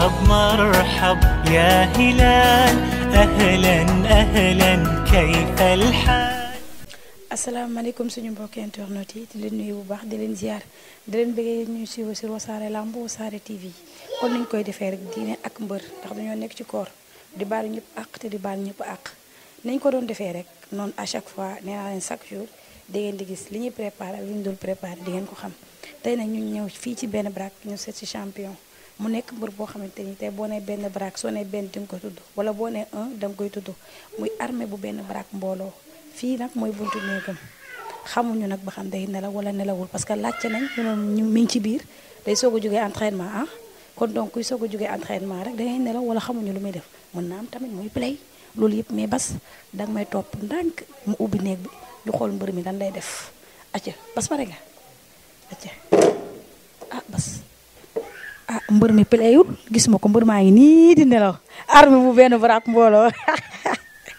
مرحب مرحب يا هلال أهلا أهلا كيف الحال asalaamaaleykum suñu mbokki internet yi di leen nuyu bu baax di leen ziar di leen bëggee ñuy suivre sur wasaare lamb wasaare TV kon niñ koy defee rek diine ak mbër ndax dañoo nekk ci koor di baal ñëpp àq te di baal ñëpp àq nañ ko doon defee rek noonu à chaque fois nee naa leen chaque jour di ngeen di gis li ñuy préparé li ñu dul préparé di ngeen ko xam tey nag ñu ñëw fii ci benn brak ñu seet ci champion. mu nekk mbër boo xamante ni te boo nee benn baraak soo nee benn di nga ko tudd wala boo ne un da koy tudd muy armée bu benn baraak mbooloo fii nag mooy buntu néegam xamuñu nag ba xam day nelaw wala nelawul parce que laajte nañ ñu mi ngi ci biir day soog a jógee entraînement ah kon donc kuy soog a jógee entraînement rek da nelaw wala xamuñu lu muy def mën na am tamit muy play loolu yëpp mais bas da nga may topp ndànk mu ubbi néeg bi ñu xool mbër mi lan lay def acca bas ah mbër mi pléyut gis ma ko mbër maa ngi nii di nelaw arme bu benn baraak mbooloo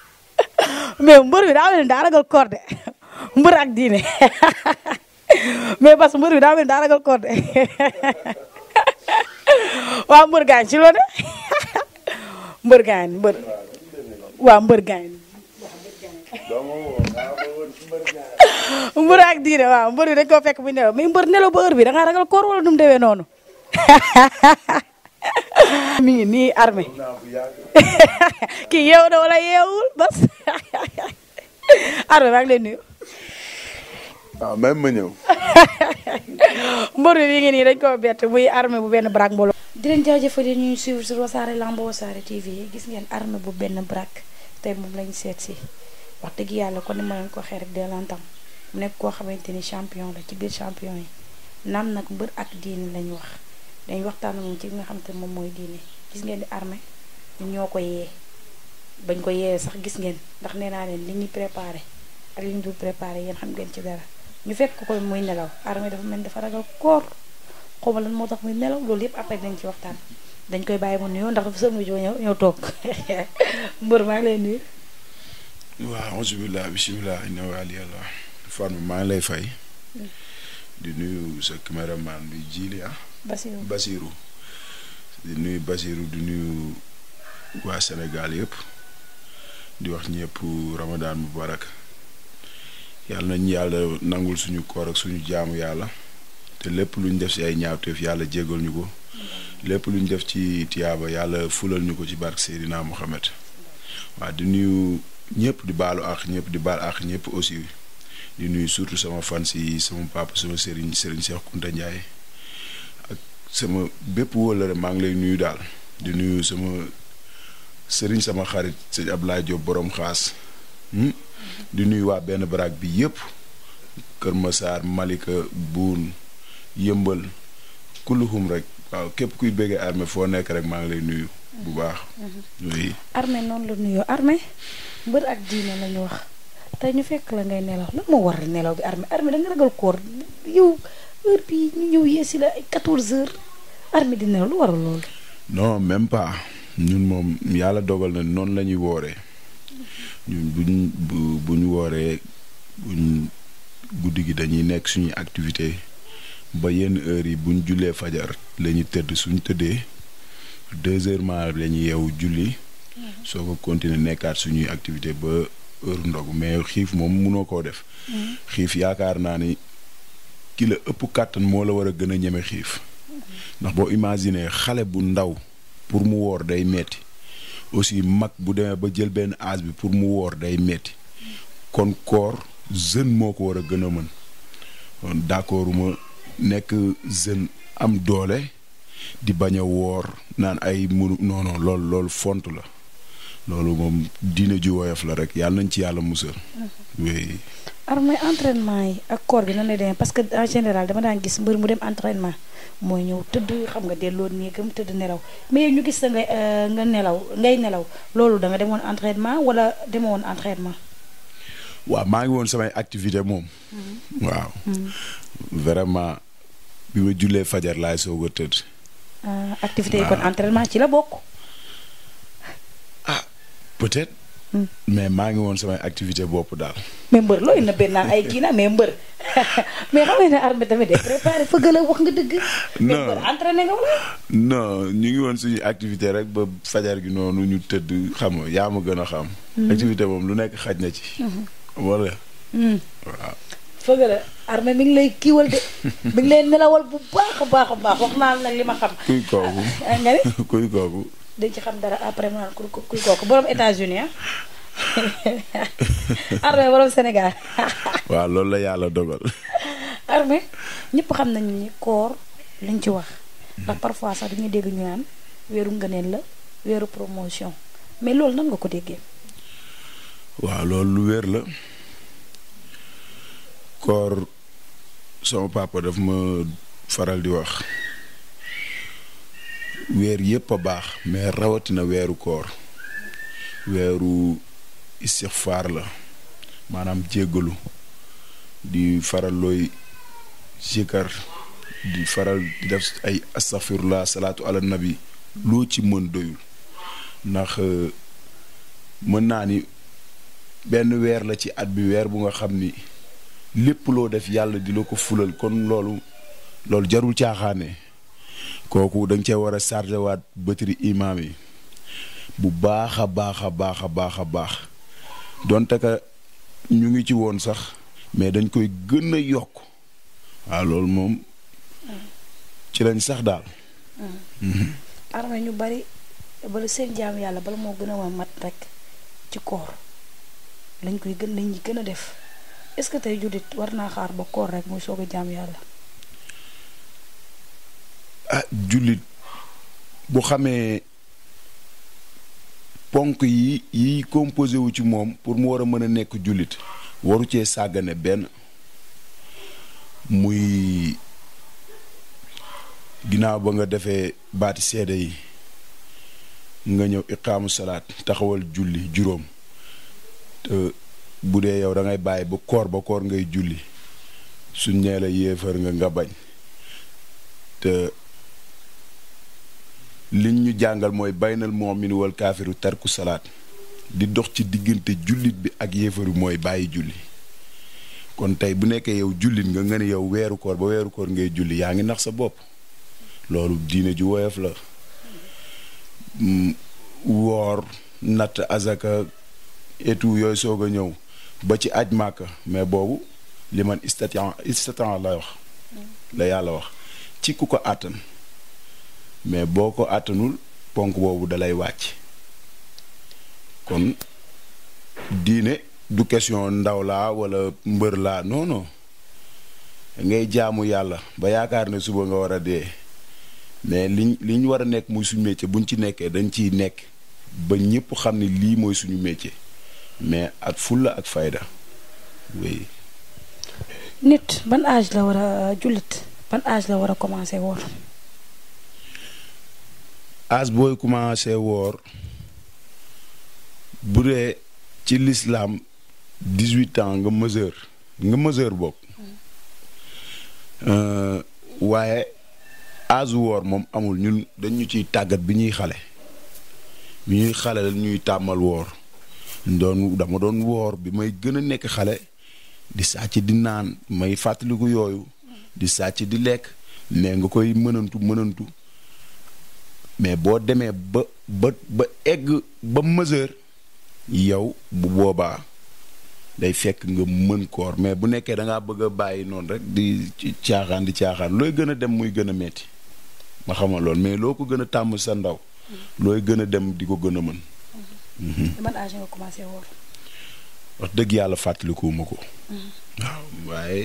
mais mbër mi daa mel ni daa ragal koor de mbër ak diine mais parce que mbër mi daa mel ni daa ragal koor de waa mbër gaañ ci loolu mbër gaañ mbër waa mbër gaañ mbër ak diine waaw mbër bi dañ koo fekk bu nelaw mais mbër nelaw ba heure bi da ngaa ragal koor wala nu mu demee noonu mi ngi nii armé kii yeewu na wala yeewul bas armé maa ngi lay nuyu. waaw ah, ngi nii dañ koo bett muy armé bu benn brak mbooloo. di leen jaajëfal yi ñuy suivre sur Wassare Lamb Wassare TV gis ngeen armé bu benn brak tey moom lañ seet si wax dëgg yàlla kon ni ma leen ko waxee rek de nekk koo xamante ni champion la ci biir champion yi naan nag mbër ak diin lañ wax. dañ waxtaan moom ci li nga xamante ne moom mooy diine gis ngeen ni arme ñun ñoo ko yee bañ ko yee sax gis ngeen ndax nee naa leen li ñu préparé ak li ñu dul préparé yéen xam ngeen ci dara ñu fekk ko koy muy nelaw armée dafa mel dafa ragal koor xaw lan moo tax muy nelaw loolu yëpp après dañ ci waxtaan dañ koy bàyyi mu nuyoo ndax dafa sëñ bi ñëw ñëw toog mbër maa ngi lay nuyu. waaw alhamdulilah bisimilah inna wali yàlla fan maa ngi lay fay. Mm. di nuyu sa caméraman bi jiili Basirou Basirou di nuyu Basirou di nuyu waa Sénégal yëpp di wax ñëpp Ramadan mubarak yàlla nañ yàlla nangul suñu koor ak suñu jaamu yàlla te lépp lu ñu def si ay ñaawteef yàlla jéggal ñu ko lépp lu ñu def ci tiyaaba yàlla fulal ñu ko ci barke Seydina Mohamed waaw di nuyu ñëpp di baalu àq ñëpp di baal àq ñëpp aussi di nuyu surtout sama fan si sama papa sama sëriñ sëriñ Cheikh Kounta Ndiaye sama bépp wóolare maa ngi lay nuyu daal di nuyu sama sëriñ sama xarit sëñ Abdoulaye Diop borom xaas hmm? di nuyu waa benn baraag bi yépp Kër Masaar Malika Buun yëmbal kulluhum rek waaw képp kuy béggee armée foo nekk rek maa ngi lay nuyu bu baax mhm. oui noonu la nuyoo armée mbër ak diine lañu wax tey ñu fekk la ngay nelaw lan moo war nelaw bi armée armée da ragal koor yow heure bii ñu ñëw yeesi la ay quatorze lu waral loolu. non même pas ñun moom yàlla dogal na noonu lañuy woore wooree ñun buñ bu buñ guddi gi dañuy nekk suñuy activité ba yenn heures yi buñ jullee fajar la tëdd suñ tëddee deux heures maa la ñu yeewu julli. Mm-hmm. soo ko continuer nekkaat suñuy activité ba heure ndogu mais xiif moom mënoo koo def. Mm-hmm. xiif yaakaar naa ni. ki la ëpp kàttan moo la war a gën a ñeme xiif ndax boo imaginer xale bu ndaw pour mu woor day metti aussi mag bu demee ba jël benn âge bi pour mu woor day metti kon koor jeune moo ko war a gën a mën kon d'accord ma nekk jeune am doole di bañ a woor naan ay mënu non non lool loolu font la loolu moom diine ju woyof la rek yàlla nañ ci yàlla musal. oui. alors mooy yi ak corps bi na lay demee parce que en général dama daan gis mbër mu dem entraînement mooy ñëw tëdd xam nga delloo néegam tëdd nelaw mais ñu gis sa euh, nga nelaw ngay nelaw loolu da demoon entraînement wala demoon entraînement. waaw maa ngi woon samay activité moom. Mhm. waaw. Mhm. vraiment bi ma jullee fajar laay soo a tëdd. Ah, activité yi kon entraînement ci la bokk. peut hmm. mais maa ngi woon samay activité bopp daal. mais mbër looy na benn ay kii na mais mbër mais xam ne armée tamit day préparé fëgg wax nga dëgg. ñu ngi woon suñu activité rek fajar gi noonu ñu tëdd xam yaa ma gën a xam. Hmm. activité moom lu nekk xaj na ci. Hmm. wala. waaw. fëgg la ngi lay kiiwal de mi ngi lay nelawal bu baax baax baax wax naa li ma xam. kuy kooku ah, ah, nga ne kuy kooku. dañ ci xam dara après mu naan ku ku kooku borom États-Unis ah armée borom Sénégal. waaw loolu la yàlla dogal. armée ñëpp xam nañ ni koor lañ ci wax. ndax hmm. parfois sax dañuy dégg ñu naan weeru ngëneel la weeru promotion mais loolu nan nga ko déggee. waaw loolu lu wér la. koor sama papa daf ma faral di wax. weer yépp a baax mais rawatina weeru koor weeru istixfaar la maanaam jéggalu di faral looy sikar di faral di def ay astafirullah salaatu ala nabi loo ci mën doyul ndax euh, mën naa ni benn weer la ci at bi weer bu nga xam ni lépp loo def yàlla di la ko fulal kon loolu loolu jarul caaxaane kooku dañ nga cee war a chargé waat bëtëri imaam yi bu baax a baax a baax a baax a baax donte ka ñu ngi ci woon sax mais dañ koy gën a yokk waaw loolu moom ci lañ sax daal. Ah. arme ñu bari bala seen jaam yàlla bala moo gën a mat rek ci koor dañ koy gën lañ gën a def est-ce que tey jullit war naa xaar ba koor rek muy soog a jaam yàlla. ah jullit bu xamee ponk yi yiy composé wu ci moom pour mu war a mën a nekk jullit waru cee sàggane benn muy ginnaaw ba nga defee baati seede yi nga ñëw iqaamu salaat taxawal julli juróom te bu dee yow dangay bàyyi ba koor ba koor ngay julli suñ nee la yéefar nga nga bañ te li ñu jàngal mooy baynal mu'min wal kaafiru tarku salaat di dox ci diggante jullit bi ak yéefaru mooy bàyyi julli kon tey bu nekkee yow jullit nga nga ne yow weeru koor ba weeru koor ngay julli yaa ngi nax sa bopp loolu diine ju woyof la mm, woor natt azaka et tout yooyu soog a ñëw ba ci aj màkka mais boobu li man istatan istatan la wax la yàlla wax ci ku ko àttan mais boo ko àttanul ponk boobu dalay wàcc kon diine du question ndaw laa wala mbër laa noonu non ngay jaamu yàlla ba yaakaar ne suba nga war a dee mais liñ liñ war a nekk muy suñu métier buñ ci nekkee dañ ciy nekk ba ñëpp xam ne lii mooy suñu métier mais ak fulla ak fayda oui. nit ban âge la war a jullit ban âge la war a commencer woor as booy commencé woor bu dee ci lislaam dix huit ans nga mesure nga mesure bokk euh, waaye as woor moom amul ñun dañu ciy tàggat bi ñuy xale bi ñuy xale la ñuy tàmmal woor doon dama doon woor bi may gën a nekk xale di sàcc di naan may fàttaliku yooyu di sàcc di lekk mais nga koy mënantu mënantu mais boo demee ba ba ba egg ba mesure yow bu boobaa day fekk nga mën koor mais bu nekkee da ngaa bëgg a bàyyi noonu rek di caaxaan di caaxaan looy gën a dem muy gën a metti ma xamal loolu mais loo ko gën a tàmm sa ndaw looy gën a dem di ko gën a mën. Mhm. Mhm. wax dëgg yàlla fàttalikuwuma ko. Mhm. waaw waaye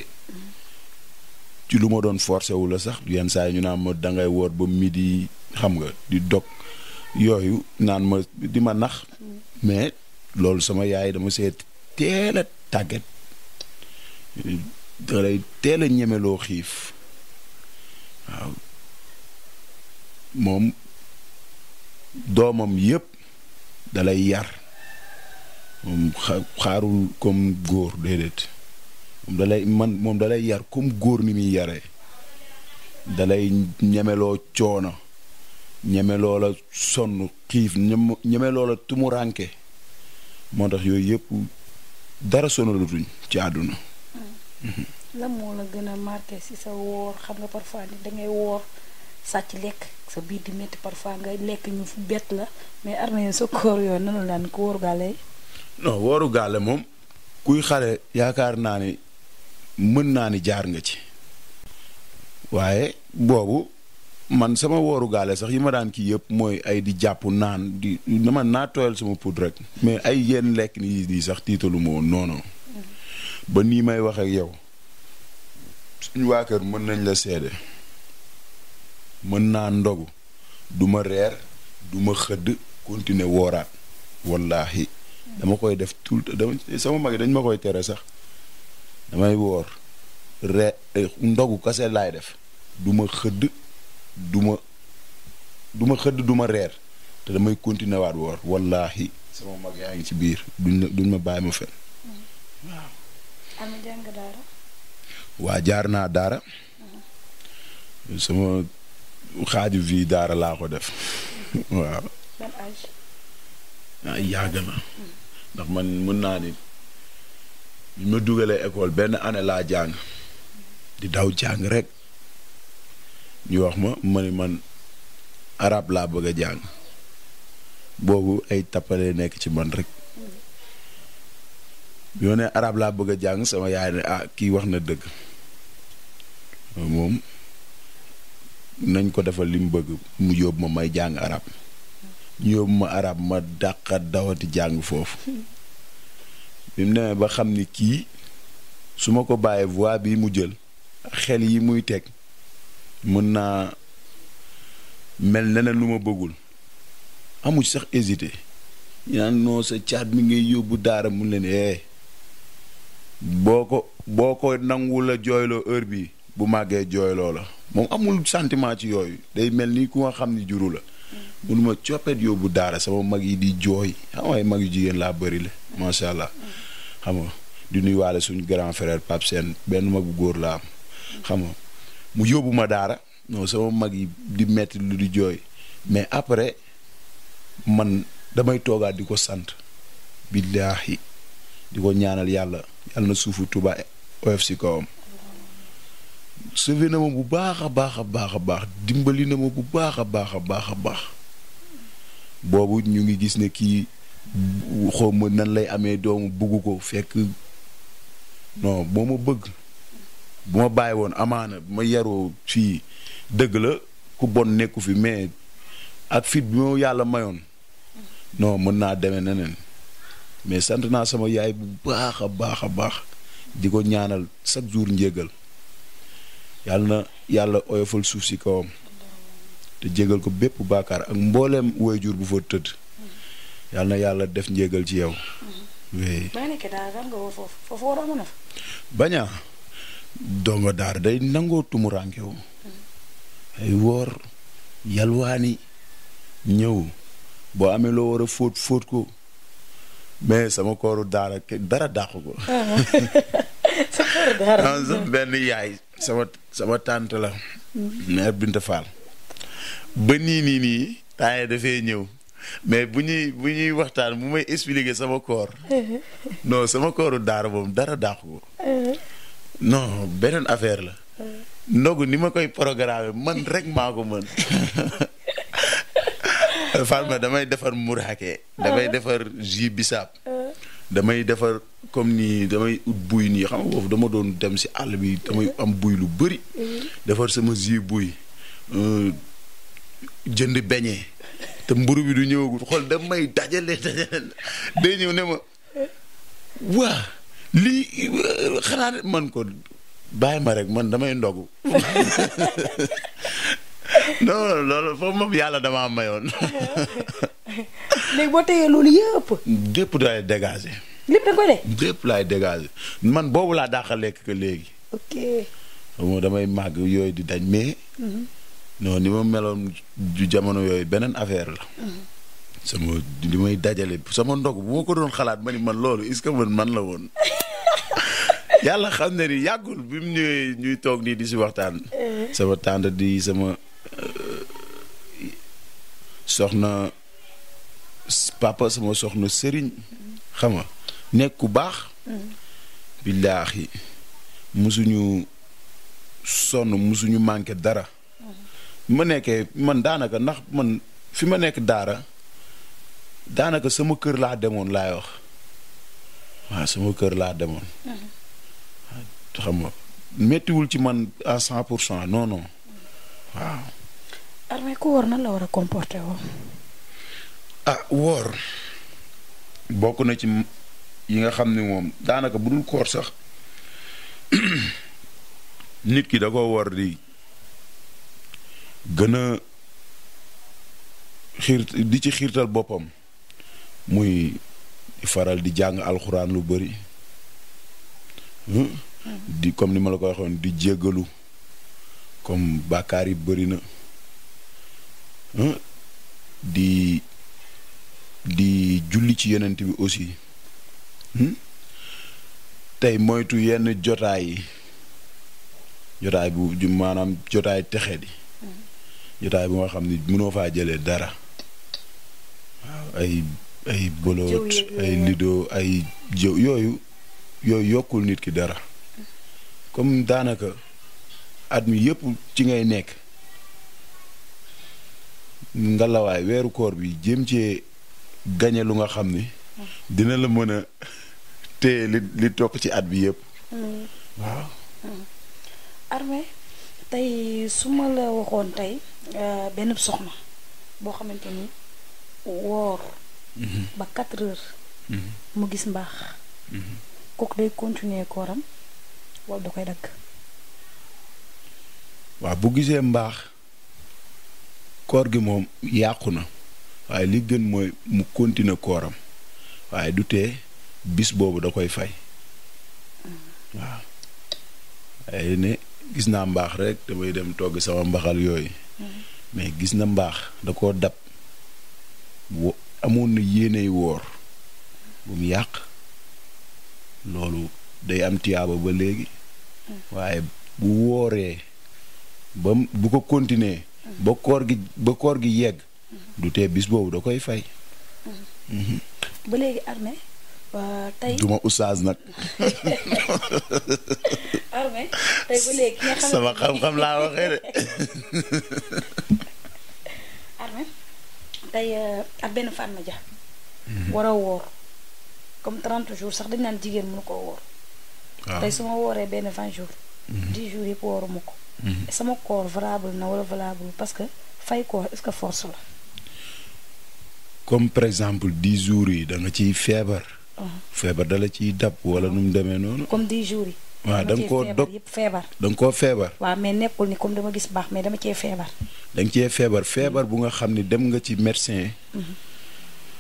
ci lu ma doon forcé wu la sax yenn saa yi ñu naan ma dangay woor ba mu di xam nga di dog yooyu naan ma di ma nax mais loolu sama yaay dama seet teel a tàgget da teel a ñemeloo xiif waaw moom doomam yépp dalay yar moom xaarul comme góor déedéet moom dalay man moom dalay yar comme góor ni muy yaree dalay ñemeloo coono ñeme loola sonn xiif ñeme loola tumuranke moo tax yooyu yëpp dara sonalutuñ ci àdduna mm. lan moo la gën a marqué ci sa woor xam nga parfois ni dangay woor sàcc lekk sa biir di métti parfois nga lekk ñu bett la mais armée sa koor yooyu nanu laan ko wóoru gaale yi non wóoru gaale moom kuy xale yaakaar naa ni mën naa ni jaar nga ci waaye boobu man sama wooru gaale sax yi ma daan kii yëpp mooy ay di jàpp naan di man naa tooyal sama put rek mais ay yenn lekk ni di sax tiitalu ma woon noonu ba nii may wax yow suñu waa kër mën nañ la seede mën naa ndogu du ma reer du ma xëdd continuer wooraat wallaahi dama koy def tout dama sama mag yi dañ ma koy tere sax damay woor re eh, ndogu kase laay def duma xëdd du ma du xëdd duma reer te damay continuer waat woor wallaahi sama mag yaa ngi ci biir duñ ma duñ ma bàyyi ma fen waaw. waa jaar naa daara. Mhm. sama xaaju vie daara laa ko def mhm. waaw. ban âge. Ah, yàgg na. Mhm. ndax man mën naa ni bi ma dugalee école benn année laa jàng. di daw jàng rek. ñu wax ma ma ne man arab laa bëgg a jàng boobu ay tappale nekk ci man rek bi ma arab laa bëgg a jàng sama yaay a ah, kii wax na dëgg moom nañ ko defal li mu bëgg mu yóbbu ma may jàng arab ñu yóbbu ma arab ma dàqa dawati jàng foofu bi mu demee ba xam ni kii su ma ko bàyyee voix bi mu jël xel yi muy teg mën naa mel neneen lu ma bëggul amu ci sax hésité ñu naan non sa caat mi ngay yóbbu daara mun leen eh boo ko boo ko nanguwul la jooyloo heure bi bu màggee jooyloo la moom amul sentiment ci yooyu day mel ni ku nga xam ni juru la mënuma coppet yóbbu daara sama mag yi di jooy xam ay mag yu jigéen laa bëri la macha allah xam nga di nuyuwaale suñu grand frère Pape Sène benn mag bu góor laa am xam nga mu yóbbu ma daara non sama mag yi di metti lu di jooy mais après man damay toogaat di ko sant billaahi di ko ñaanal yàlla yàlla na suufu Touba of si kawam sauvé na bu baax a baax a baax a baax dimbali na ma bu baax a baax a baax a baax boobu ñu ngi gis ne kii xaw nan lay amee doomu bugg ko fekk non boo ma bëgg bu ma bàyyi woon amaana ma yaroo fii dëgg la ku bon nekku fi mais ak fit bi ma yàlla mayoon non mën naa demee neneen mais sant naa sama yaay bu baax a baax a baax di ko ñaanal chaque jour njégal yàlla na yàlla oyofal suuf si kawam te jégal ko bépp baakaar ak mbooleem waajur bu fa tëdd yàlla na yàlla def njégal ci yow. Mm-hmm. oui. dongo daar day nangoo tumuraankewu ay woor yalwaani ñëw boo amee loo war a fóot fóot ko mais sama kooru daara dara dàqu ko am sama benn yaay sama sama tànt la mère Binta Fall ba nii nii nii taaye dafay ñëw mais bu ñuy bu ñuy waxtaan bu may expliquer sama koor non sama kooru daara moom dara dàqu ko uh-huh. non beneen affaire la. Hmm. ndogu ni ma koy programme man rek maa ko mën. Fatma damay defar muraake. damay hmm. defar jus bisaab. Hmm. damay defar comme nii damay ut buy nii xam nga foofu dama doon dem si àll bi damay am buy lu bari defar sama jus buy euh, jënd beñe te mburu bi du ñëwagul xool damay dajale dajale day ñëw ne ma waa. lii xanaa man ko bàyyi ma rek man damay ndogu non loolu foofu moom yàlla damaa mayoon. léegi boo teyee loolu yëpp. lépp daay dégager. da nga koy laay dégager man boobu laa dàqa lekk léegi. ok. moom damay màgg yooyu di dañ mais. Mhm. non ni ma meloon jamono yooyu beneen affaire la. Mhm. sama di may dajale sama ndogu bu ma ko doon xalaat ma ni man loolu est-ce que man man la woon yàlla xam ne ni yàggul bi mu ñëwee ñuy toog nii di si waxtaan. Eh. sama tànd di sama eh, soxna papa sama soxna sëriñ xam nga nekk ku baax. Mm. billaahi musuñu sonn musuñu manqué dara. Mm. ma nekkee man daanaka ndax man fi ma nekk daara. daanaka sama kër laa demoon laay wax waaw sama kër laa demoon. Mhm. xam nga méttiwul ci man à cent pour cent non non waaw. armée ku woor nan la war a comporter woon. ah woor bokk na ci yi nga xam ni moom daanaka bu dul koor sax nit ki da ko di gën a di ci xiirtal boppam. muy faral di jàng alxuraan lu bari hmm. di comme ni ma la ko waxoon di jéggalu comme bàkkaar yi bari na di di julli ci yonent bi aussi tey moytu yenn jotaay jotaay bu maanaam jotaay texe di hmm. jotaay bu nga xam ni mënoo faa jëlee dara waaw ay ay boloot ay lido ay jëw yooyu yooyu yokkul nit ki dara comme daanaka at mi yépp ci ngay nekk ngelawaay weeru koor bi jéem cee gañe lu nga xam ni dina la mën a téye li li toog ci at bi yëpp hmm. waaw hmm. Armé tey su ma la waxoon tey euh, benn soxna boo xamante ni woor ba quatre heures. Mm-hmm. mu gis mbaax. Mm-hmm. kooku day continuer kooram wala da koy dagg. waaw bu gisee mbaax koor gi moom yàqu na waaye li gën mooy mu continuer kooram waaye du tee bis boobu da koy fay mm-hmm. waaw. waaye ne gis naa mbaax rek damay dem togg sama mbaxal yooyu. mais gis na mbaax da koo dab wo amoon na yéeney woor bu mu yàq loolu day am tiyaaba ba léegi waaye bu wooree ba bu ko continuer ba koor gi ba koor gi yegg du tee bis boobu da koy fay ba léegi armée tey duma oustaz nag armée tey ba léegi sama xam-xam laa waxee de armée day euh, ak benn Fatma Dia. Mhm. war a woor comme 30 jours sax dañ naan jigéen mënu koo woor. waaw tey su ma wooree benn 20 jours. 10 mhm. jours yëpp wooruma ko. Mhm. sama koor valable na wala valable parce que fay koor est-ce que force la. comme par exemple di jours yi da nga ciy feebar. feebar dala ciy dab wala nu mu demee noonu. comme 10 jours yi. waaw da nga koo dog yëpp feebar da nga koo feebar waaw mais nekkul ni comme dama gis baax mais dama cee feebar da nga cee feebar feebar bu nga xam ni dem nga ci médecin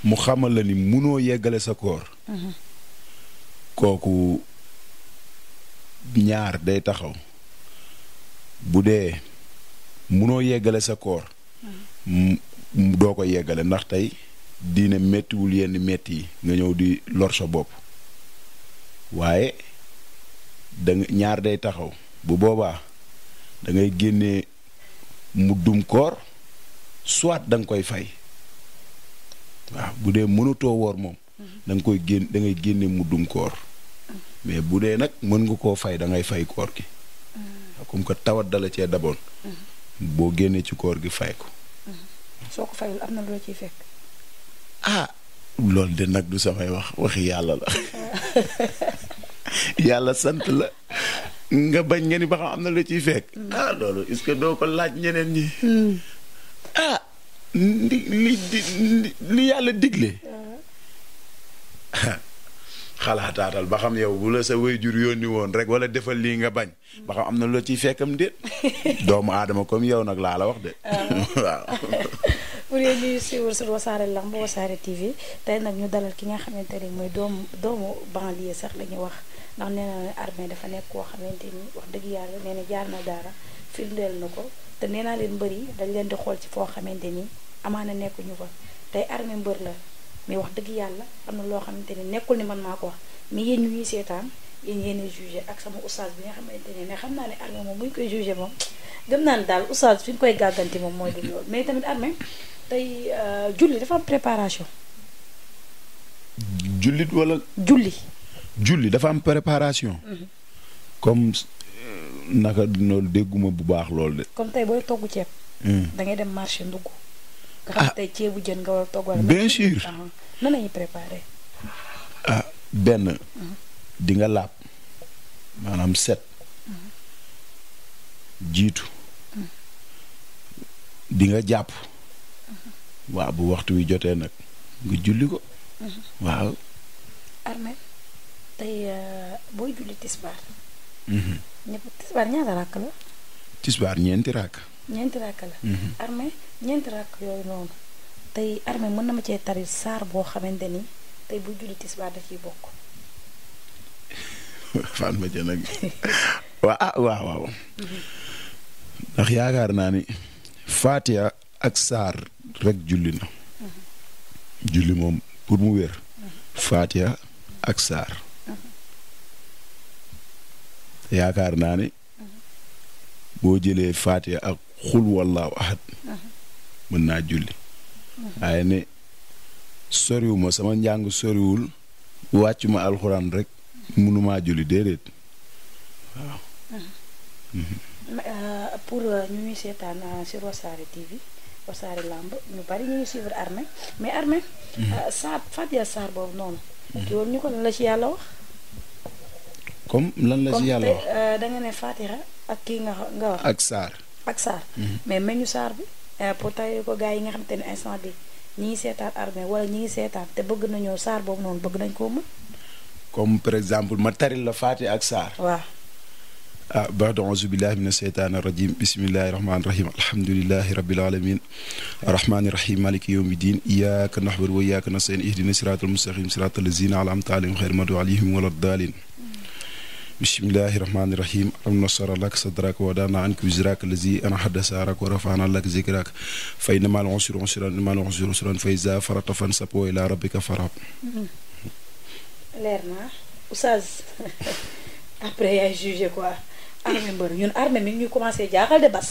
mu xamal la ni munoo yeggale sa koor mhm. kooku ñaar day taxaw bu dee munoo yeggale sa koor mhm. doo ko yeggale ndax tey diine méttiwul yenn métti yi nga ñëw di lor sa bopp waaye da ñaar day taxaw bu boobaa dangay ngay génnee muddum koor soit danga koy fay waaw bu dee mënatoo woor moom mhm. danga koy génn da ngay génne muddum koor mhm. mais bu dee nag mën nga koo fay dangay fay koor gi mhm. comme que tawat dala cee daboon boo génnee ci koor gi fay ko soo ko fayul am na lu la ciy fekk ah loolu de nag du samay wax waxi yàlla la yàlla sant la nga bañ nga ni ba xam am na lu ciy fekk. Mm. ah loolu est-ce doo ko laaj ñeneen ñi. Mm. ah yàlla digle. Mm. Ah, xalaataatal ba xam yow bu la sa wéyjur yónni woon rek wala defal lii nga bañ ba xam am na loo ciy fekkam déet doomu aadama comme yow nag laa la wax de ah. waaw pour yéen ñuy suivre sur Wassare Lamb Wassare TV tey nag ñu dalal ki nga xamante ni mooy doomu doomu banlieue sax la wax ndax nee na armée dafa nekk koo xamante ni wax dëgg yàlla jaar na jaar fi daara firndeel na ko te nee naa leen mbër yi dañ leen di xool ci foo xamante ni amaana nekkuñu ko tey armée mbër la mais wax dëgg yàlla am na loo xamante ni nekkul ni man maa ko wax mais yéen ñu ngi seetaan yéen yéen a ak sama oustaz bi nga xamante ni ne xam naa ne armée moom muy koy jugé moom gëm naa ne daal oustaz fi ñu koy gàgganti moom mooy du loolu mais tamit armée tey euh, dafa préparation. jullit julli dafa am préparation. comme euh, naka loolu dégguma bu baax loolu de. comme tey booy togg ceeb. Hmm. da dem marché ndugg. nga ah. xam tey ceebu jën nga war benn. Ah. Ah, hmm. di nga laab maanaam set. Hmm. jiitu. di jàpp. waaw bu waxtu wi jotee nag nga julli ko. waaw. tey euh, booy julli tisbaar. Mhm. ñëpp tisbaar ñaata rakk la. tisbaar ñeenti rakk. ñeenti rakk la. Mhm. armé ñeenti rakk yooyu noonu tey armé mën na ma cee tari saar boo xamante ni tey bu julli tisbaar da ciy bokk. fan ma ca nag ah, waaw waaw mhm. ndax yaakaar naa ni Faatiha ak saar rek julli na. julli moom pour mu wér. Faatiha ak saar. yaakaar naa ne boo jëlee faatiha ak xul wallaahu ahad mën naa julli waaye ne soriwuma sama njàng soriwul wàccuma alxuraan rek mënumaa julli déedéet waaw euh, pour euh, ñu ñuy seetaan euh, sur Wassare TV Wassare Lamb ñu bari ñu ngi suivre Armé mais Armé. Mhm. Saar Fatia Saar boobu noonu. Mhm. ñu ko la ci yàlla wax. comme lan la ci yàlla wax euh, da ne Fatiha ak kii nga nga wax. ak saar ak saar. Mhm. mais meñu saar bi euh, pour tey ko gars yi nga te ne instant bi ñi ngi seetaan armée wala ñi ngi seetaan te bëgg nañoo saar boobu noonu bëgg nañ ko mën. comme par exemple ma tari la Fatiha ak saar. waaw. ah na auzu billahi min asheytaani irajim bismillahi rahmaani rahim alhamdulilahi rabil alamin arrahmaani rahim maliki yawmi din iyaaka nahbudu wa iyaaka nastain ihdina siraatal mustaqim siraatal bismillahi rahmaani rahim alam nasara lak sadrak wa daana anka wizrak lazi ana hadasarak wa rafana lak zikrak fa inna ma'al usri yusran inna ma'al mm-hmm. jaaxal de bas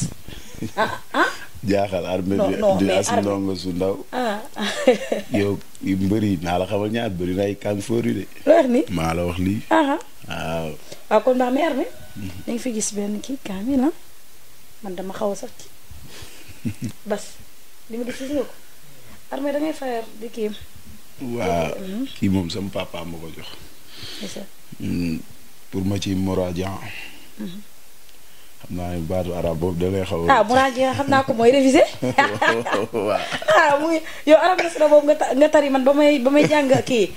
ah, ah? jaaxal armée di as ndongo su ah. yow mbër naa la xamal ñaar bëri na ay kan fóor de leer ni waaw kon baax meer bi mhm. da nga fi gis benn kii kaamil la ah. man dama xaw a sax ci bas li ma gis gis nga ko armée da ngay di kii waa mhm. moom sama papa ma jox mm, pour ma ci moradian mhm. xam baatu arab boobu da lay xaw a. ah xam naa ko mooy révisé. waaw ah, muy yow arab nasara boobu nga tari man ba may ba may jàng kii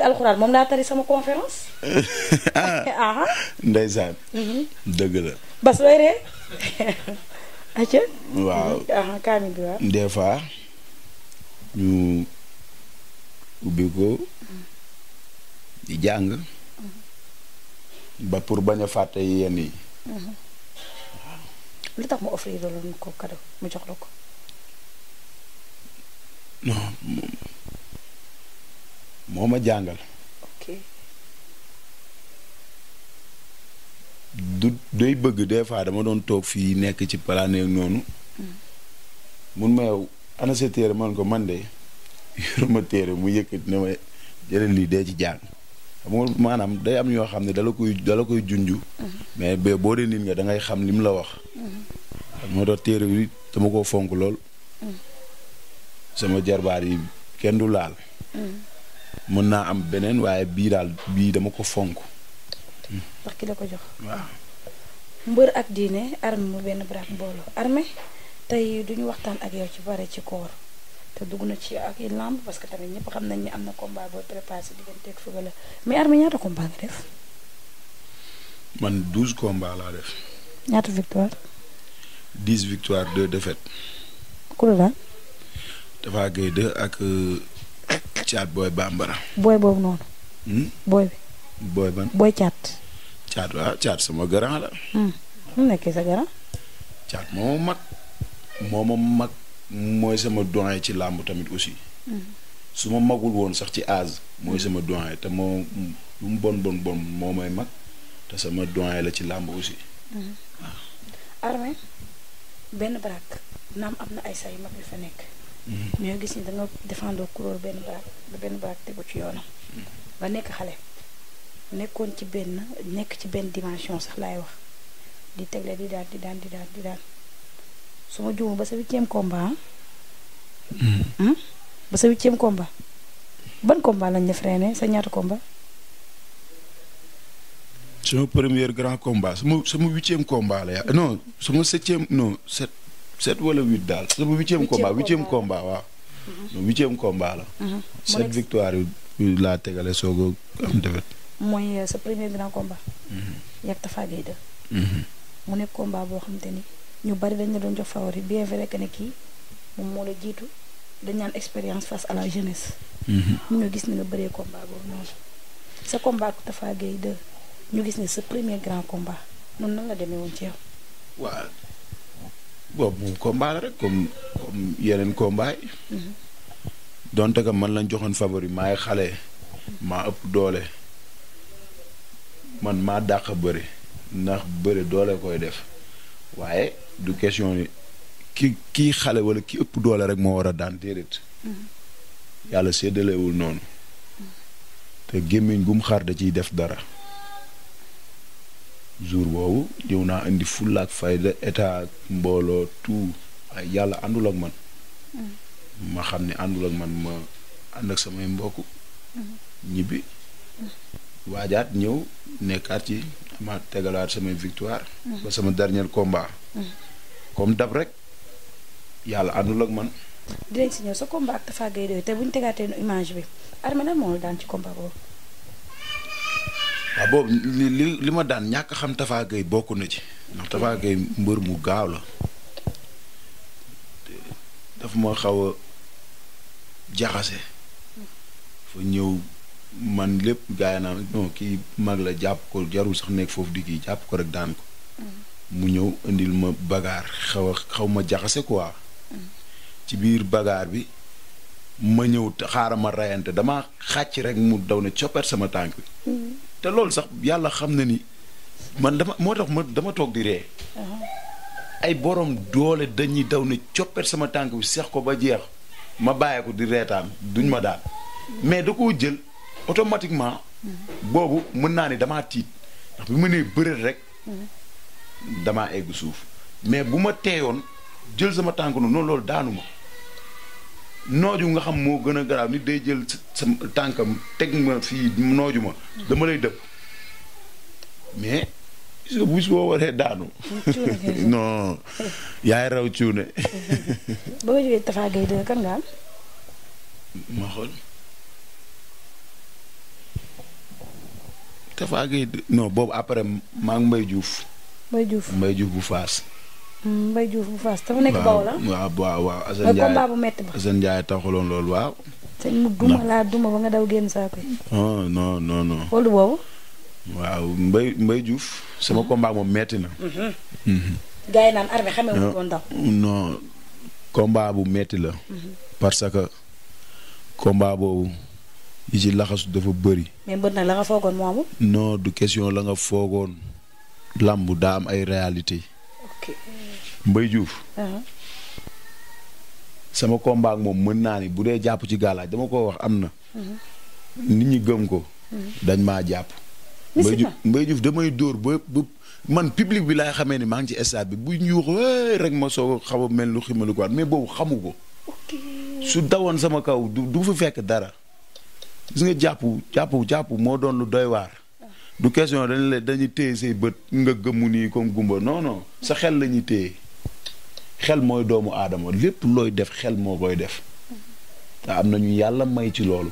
alxuraan moom laa tari sama conférence. Ah. Ah, ah ndeysaan. Mhm. dëgg la. bas looy ree. acca. waaw mhm. ah kaamil bi waaw. des ñu ubbi ko jàng. Mhm. ba pour bañ a fàtte yenn yi. lu tax mu offrir loolu ko cadeau mu jox la ko. moo ma jàngal. ok. du day bëgg des fois dama doon toog fii nekk ci palaaneeg noonu. Hmm. mun ma yow ana sa téere man ko man de yoruma téere mu yëkkati ne ma jëlee lii dee ci jàng. xam maanaam day am yoo xam ne dala koy dala koy junj. Mm-hmm. mais ba boo dee nit nga da xam li mu la wax. Mm-hmm. moo tax téere bi dama koo fonk lool. Mm-hmm. sama jarbaar yi kenn du laal. mën naa am beneen waaye bii daal bii dama ko fonk. ndax ki la ko jox. waaw. mbër ak diine armé mu benn baraat mbooloo armé tey du waxtaan ak yow ci bare ci koor. te dugg na ci ak i lamb parce que tamit ñëpp xam nañ ni am na combat booy préparé si diggante ak Feugeula mais Armé ñaata combat nga def. man douze combats laa def. ñaata victoire. dix victoire deux défaites. ku la Tapha Gueye 2 ak caat euh, booy bambara. booy boobu noonu. Hmm? booy bi. booy ban booy caat. caat waaw caat sama grand la. Hmm. mu nekkee sa grand. caat moo ma mag moo ma mag. mooy sama doyen ci làmb tamit aussi. Mm. su ma magul woon sax ci âge mooy mm. sama doyen te moo mu bon bon bon moo may mag te sama doyen la ci làmb aussi. Mm. waaw. benn baraak naam am na ay saa yu mag yu fa nekk. ñoo mm-hmm. gis ni da nga défendre benn baraak ba benn baraak tegu ci yoona mm-hmm. nga nekk xale. nekkoon ci benn nekk ci benn dimension sax laay wax di tegle di daal di daan di daan di daan. soo juumul ba sa huitième combat ah? hmm. Hmm? ba sa huitième combat ban combat lañ la freiné sa ñaata combat. sama premier grand combat sama sama huitième combat la yaa non sama septième non sept sept wala daal sama huitième combat huitième combat waaw. Mm-hmm. la. Mm-hmm. sept victoire yu laa tegale soog a am defet mooy euh, sa premier grand combat. Mm-hmm. yàgg Tafa Gueye mu nekk combat boo xamante ni. ñu bari dañ la doon jox favori bien vrai que ne kii moom moo la jiitu dañ naan expérience face à la jeunesse. ñu mhm. gis ne nga bëree combat boobu noonu. ñu gis ne sa premier grand combat noonu nan la demee woon ci yow. waaw boobu rek comme yeneen combat mhm. donte que man lañ joxoon favori maay xale. maa ëpp doole. man maa dàq bëri ndax bëri doole koy def waaye. du question ni ki kii xale wala ki ëpp doole rek moo war a daan déedéet mm-hmm. yàlla séddalewul noonu mm-hmm. te gémmiñ gu mu xar da ciy def dara jour boobu ñëw naa indi fulla ak fayda état mbooloo tout ay yàlla àndul ak man mm-hmm. ma xam ne àndul ak man ma ànd ak samay mbokku ñibbi waajaat ñëw nekkaat ci ma tegalaat samay victoire ba sama dernier combat comme dab rek yàlla àndul ak man. dinañ si ñëw sa combat ak Tafa Gueye te bu ñu tegaatee image bi Armé lan moo daan ci combat boobu. waaw boobu li li ma daan ñàkk xam Tafa Gueye bokk na ci ndax Tafa mm. mbër mu gaaw la daf ma xaw jaxase. Mm. foo ñëw man lépp gaay naa non kii mag la jàpp ko jarul sax nekk foofu di kii jàpp ko rek daan ko. mu ñëw indil ma bagaar xaw xaw ma jaxase quoi. ci biir bagaar bi ma ñëw xaaral ma reyante dama xàcc rek mu daw ne coppeet sama tànk bi. te loolu sax yàlla xam na ni man dama moo tax ma dama toog di ree. ay borom doole dañuy daw ne coppet sama tànk bi seex ko ba jeex ma bàyyi ko di reetaan duñ ma daan. mais da koo jël automatiquement. boobu mën naa ni damaa tiit ndax bi ma nee rek. damaa egg suuf mais bu ma teeyoon jël sama tànk noonu loolu daanu ma nooju nga xam moo gën a garaaw nit day jël sa tànkam teg ma fii nooju ma dama lay dëpp mais gis nga bus boo waree daanu. non yaay ma xool Tafa boobu après maa ngi Mbaye Mbaye Diouf Mbaye Diouf bu Faas. Mm, Mbaye Diouf bu Faas dafa nekk Bawol ah. waaw waaw waaw Assane Ndiaye sama mm-hmm. combat moom metti na. Mm-hmm. Mm-hmm. gars naan armée xamee wu doon daw. non combat bu metti la. parce que combat boobu yi ci laxasu dafa bëri. mais mbër la nga foogoon moomu. non du question la nga foogoon. làmb daa am ay réalité mbay juuf uh-huh. sama combat ak moom mën naa ni bu dee jàpp ci gàllaaj dama koo wax am na nit ñi gëm ko uh-huh. dañ maa jàpp Mbaye Diouf Mbaye damay dóor ba ba man public bi laay xamee ni maa ngi ci stade bi bu ñuux rek ma soo xaw a mel lu ximalu ko mais boobu xamu ko su dawoon sama kaw du du fekk dara gis nga jàpp jàpp jàpp moo doon lu doy waar du question dañ la dañu téye say bët nga gëmmu nii comme gumba noonoo sa xel la ñuy téye xel mooy doomu aadama lépp looy def xel moo koy def te am na ñu yàlla may ci loolu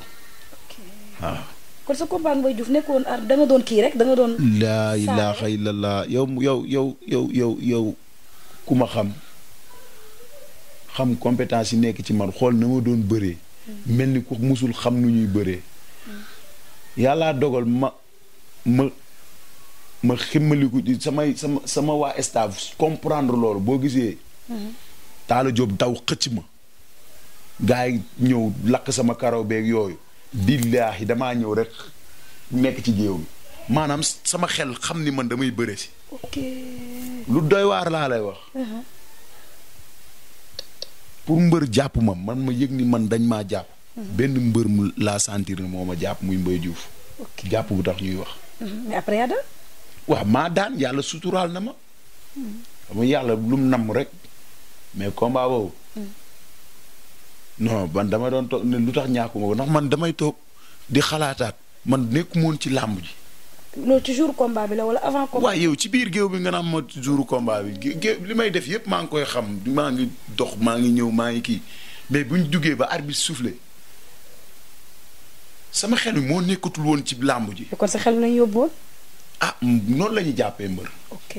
waaw. kon sa combat ak Mbaye Diouf nekkoon ar da nga doon kii rek da nga doon. laa yow yow yow yow yow ku ma xam xam compétence yi nekk ci man xool na ma doon bëree. Hmm. mel ni ku mosul xam nu ñuy bëree. Hmm. yàllaa dogal ma ma ma ximmaliku samay sama sama waa staff comprendre loolu boo gisee. taala Diop daw xëcc ma. gars yi ñëw lakk sama karaw beeg yooyu. billaahi damaa ñëw rek nekk ci géew maanaam sama xel xam ni man damay bëre si. ok waar laa lay wax. Uh-huh. mbër jàpp ma man ma yëg ni man dañ maa jàpp. Uh-huh. benn mbër mu laa sentir ne moo ma jàpp muy Mbaye Diouf. jàpp bu tax ñuy wax. Mhm. mais après waaw maa daan yàlla suturaal na ma. xam yàlla yàlla lu mu rek mais combat boobu. Mhm. non man dama doon toog ne lu tax ñaakuma ko ndax man damay toog di xalaataat man nekku moon ci làmb ji. loolu ci jour combat bi la wala avant. combat yow ci biir géew bi nga naan ma jour combat li may def yëpp maa ngi koy xam maa ngi dox maa ngi ñëw maa ngi kii mais buñ duggee ba arbitre soufflé sama xel mi moo nekkatul woon ci làmb ji. kon sa xel lañ yóbbu woon. ah noonu la jàppee mbër. ok.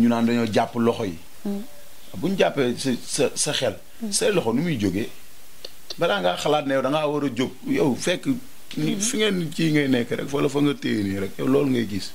ñu naan dañoo jàpp loxo yi. Hmm. Ah, bu jàppee sa sa xel. Hmm. say loxo nu muy jógee balaa ngaa xalaat ne yow da ngaa war a jóg yow fekk. ni hmm. fi ngeen ci ngay nekk rek fa la fa nga téye nii rek yow loolu ngay gis.